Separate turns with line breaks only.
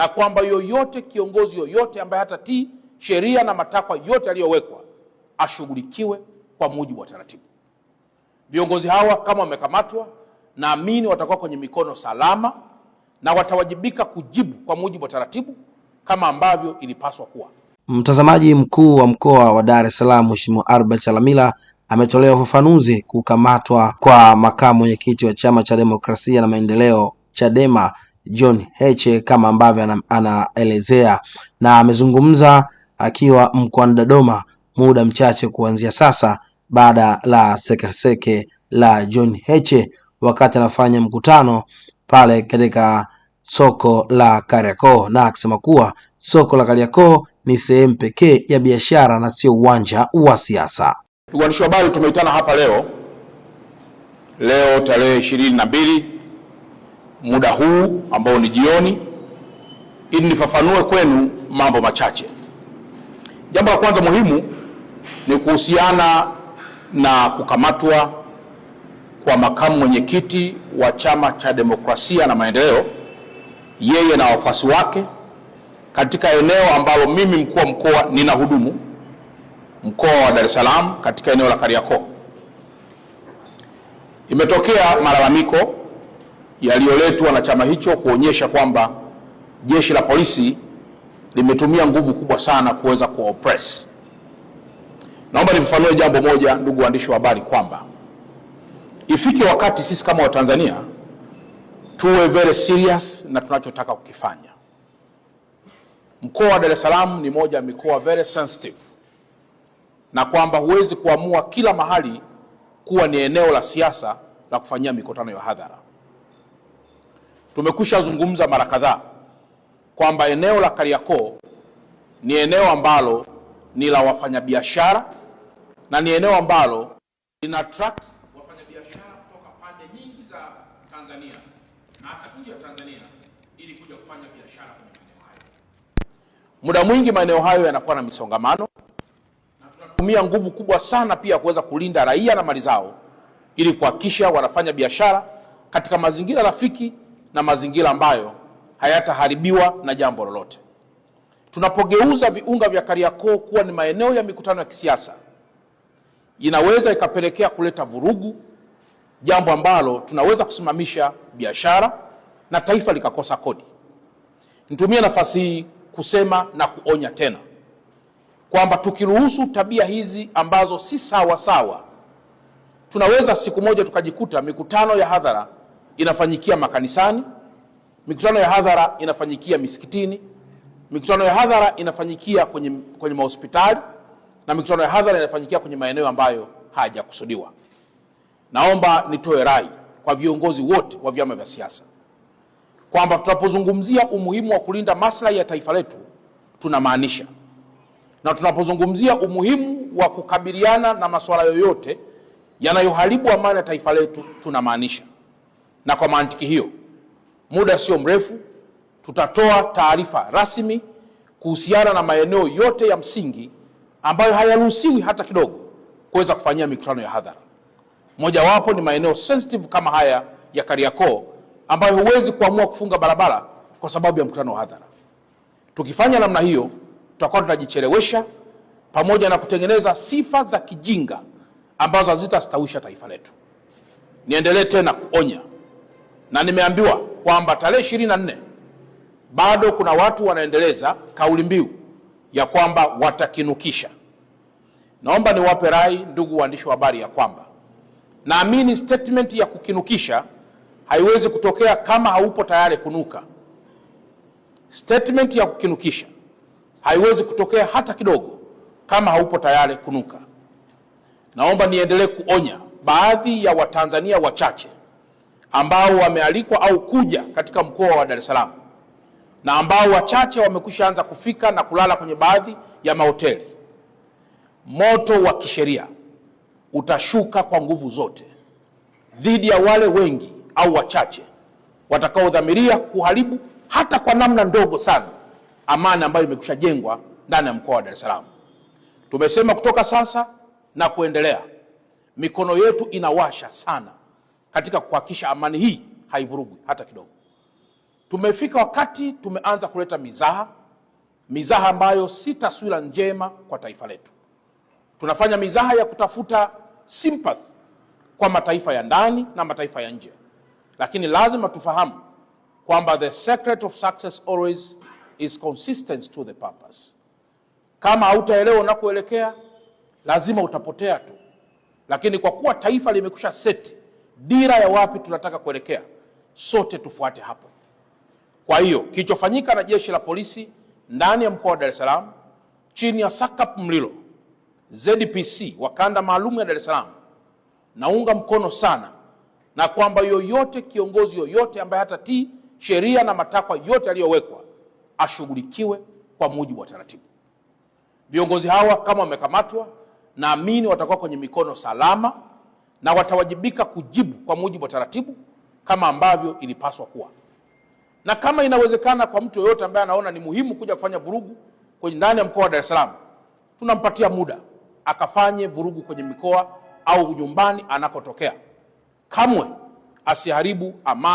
na kwamba yoyote kiongozi yoyote ambaye hatatii sheria na matakwa yote yaliyowekwa ashughulikiwe kwa mujibu wa taratibu. Viongozi hawa kama wamekamatwa, naamini watakuwa kwenye mikono salama na watawajibika kujibu kwa mujibu wa taratibu kama ambavyo ilipaswa kuwa.
Mtazamaji mkuu wa mkoa wa Dar es Salaam Mheshimiwa Albert Chalamila ametolea ufafanuzi kukamatwa kwa makamu mwenyekiti wa chama cha demokrasia na maendeleo Chadema John Heche kama ambavyo anaelezea, na amezungumza akiwa mkoani Dodoma muda mchache kuanzia sasa baada la sekeseke la John Heche wakati anafanya mkutano pale katika soko la Kariakoo, na akisema kuwa soko la Kariakoo ni sehemu pekee ya biashara na sio uwanja wa siasa.
Ndugu waandishi wa habari, tumeitana hapa leo leo tarehe ishirini na mbili muda huu ambao ni jioni, ili nifafanue kwenu mambo machache. Jambo la kwanza muhimu ni kuhusiana na kukamatwa kwa makamu mwenyekiti wa Chama cha Demokrasia na Maendeleo, yeye na wafuasi wake katika eneo ambalo mimi mkuu wa mkoa hudumu mkoa wa Dar es Salaam, katika eneo la Kariakoo. Imetokea malalamiko yaliyoletwa na chama hicho kuonyesha kwamba jeshi la polisi limetumia nguvu kubwa sana kuweza kuwaopress Naomba nifafanue jambo moja, ndugu waandishi wa habari, kwamba ifike wakati sisi kama Watanzania tuwe very serious na tunachotaka kukifanya. Mkoa wa Dar es Salaam ni moja ya mikoa very sensitive, na kwamba huwezi kuamua kila mahali kuwa ni eneo la siasa la kufanyia mikutano ya hadhara. Tumekusha zungumza mara kadhaa kwamba eneo la Kariakoo ni eneo ambalo ni la wafanyabiashara na ni eneo ambalo lina attract wafanyabiashara kutoka pande nyingi za Tanzania na hata nje ya Tanzania ili kuja kufanya biashara kwenye maeneo hayo. Muda mwingi maeneo hayo yanakuwa na misongamano, na tunatumia nguvu kubwa sana pia kuweza kulinda raia na mali zao ili kuhakikisha wanafanya biashara katika mazingira rafiki na mazingira ambayo hayataharibiwa na jambo lolote. Tunapogeuza viunga vya Kariakoo kuwa ni maeneo ya mikutano ya kisiasa, inaweza ikapelekea kuleta vurugu, jambo ambalo tunaweza kusimamisha biashara na taifa likakosa kodi. Nitumie nafasi hii kusema na kuonya tena kwamba tukiruhusu tabia hizi ambazo si sawa sawa, tunaweza siku moja tukajikuta mikutano ya hadhara inafanyikia makanisani, mikutano ya hadhara inafanyikia misikitini, mikutano ya hadhara inafanyikia kwenye, kwenye mahospitali na mikutano ya hadhara inafanyikia kwenye maeneo ambayo hayajakusudiwa. Naomba nitoe rai kwa viongozi wote wa vyama vya siasa kwamba tunapozungumzia umuhimu wa kulinda maslahi ya taifa letu tunamaanisha, na tunapozungumzia umuhimu wa kukabiliana na masuala yoyote yanayoharibu amani ya taifa letu tunamaanisha. Na kwa mantiki hiyo, muda sio mrefu tutatoa taarifa rasmi kuhusiana na maeneo yote ya msingi ambayo hayaruhusiwi hata kidogo kuweza kufanyia mikutano ya hadhara. Mojawapo ni maeneo sensitive kama haya ya Kariakoo ambayo huwezi kuamua kufunga barabara kwa sababu ya mkutano wa hadhara. Tukifanya namna hiyo, tutakuwa tunajichelewesha pamoja na kutengeneza sifa za kijinga ambazo hazitastawisha taifa letu. Niendelee tena kuonya na nimeambiwa kwamba tarehe ishirini na nne bado kuna watu wanaendeleza kauli mbiu ya kwamba watakinukisha. Naomba niwape rai, ndugu waandishi wa habari, ya kwamba naamini statement ya kukinukisha haiwezi kutokea kama haupo tayari kunuka. Statement ya kukinukisha haiwezi kutokea hata kidogo kama haupo tayari kunuka. Naomba niendelee kuonya baadhi ya Watanzania wachache ambao wamealikwa au kuja katika mkoa wa Dar es Salaam na ambao wachache wamekwisha anza kufika na kulala kwenye baadhi ya mahoteli. Moto wa kisheria utashuka kwa nguvu zote dhidi ya wale wengi au wachache watakaodhamiria kuharibu hata kwa namna ndogo sana amani ambayo imekwisha jengwa ndani ya mkoa wa Dar es Salaam. Tumesema kutoka sasa na kuendelea, mikono yetu inawasha sana katika kuhakikisha amani hii haivurugwi hata kidogo. Tumefika wakati tumeanza kuleta mizaha, mizaha ambayo si taswira njema kwa taifa letu. Tunafanya mizaha ya kutafuta sympathy kwa mataifa ya ndani na mataifa ya nje, lakini lazima tufahamu kwamba the secret of success always is consistency to the purpose. Kama hautaelewa unakoelekea, lazima utapotea tu, lakini kwa kuwa taifa limekusha seti dira ya wapi tunataka kuelekea, sote tufuate hapo. Kwa hiyo kilichofanyika na jeshi la polisi ndani ya mkoa wa Dar es Salaam chini ya sakap Mlilo, ZPC wa kanda maalum ya Dar es Salaam, naunga mkono sana, na kwamba yoyote kiongozi yoyote ambaye hata ti sheria na matakwa yote yaliyowekwa ashughulikiwe kwa mujibu wa taratibu. Viongozi hawa kama wamekamatwa, naamini watakuwa kwenye mikono salama na watawajibika kujibu kwa mujibu wa taratibu kama ambavyo ilipaswa kuwa. Na kama inawezekana kwa mtu yoyote ambaye anaona ni muhimu kuja kufanya vurugu kwenye ndani ya mkoa wa Dar es Salaam, tunampatia muda akafanye vurugu kwenye mikoa au nyumbani anakotokea. Kamwe asiharibu amani.